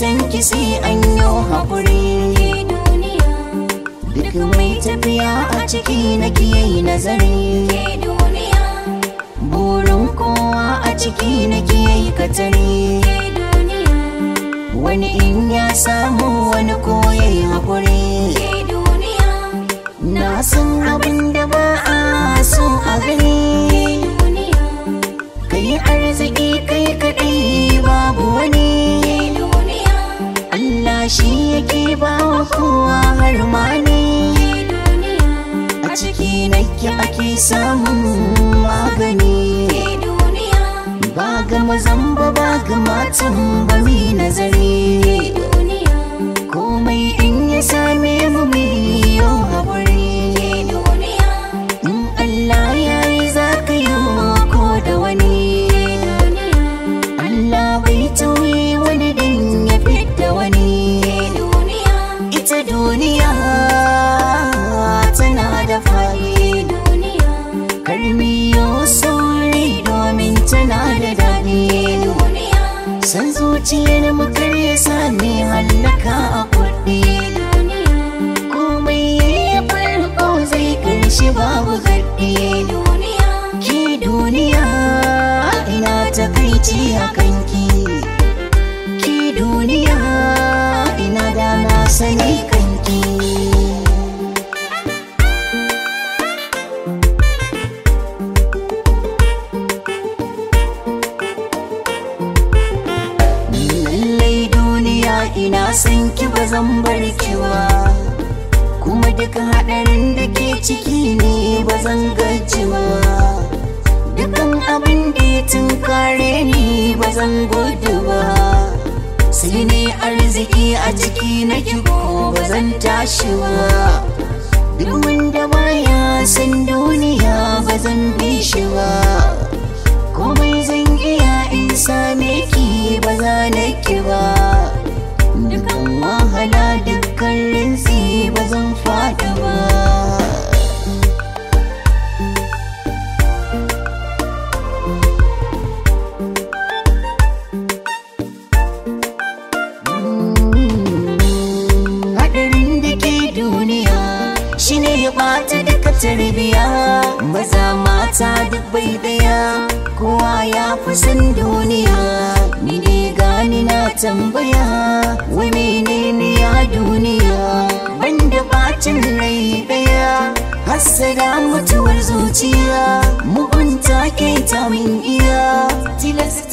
san ki sai an yi haƙuri duk mai tafiya a ciki na kiyayi nazari burin kowa a ciki na kiyayi katari wani in ya samu wani koyayi haƙuri na san abin da ba a so a gani kai arziki kai kaɗai babu wani shi yake ba wa kowa har ma ne a ciki nake ake samun magani ba ga mazan ba ba ga matan ba दुनिया san ki ba zan bar ki ba kuma duk haɗarin da ke ciki ne ba zan gaji ba dukan abin da ya tunkare ni ba zan gudu ba sai ne arziki a ciki na ko ba zan tashi ba tarbiya maza mata duk bai daya kowa ya fi san duniya ni ne gani na tambaya ne menene ya duniya banda bacin rai daya hassada mutuwar zuciya mugunta ke ta min iya tilasta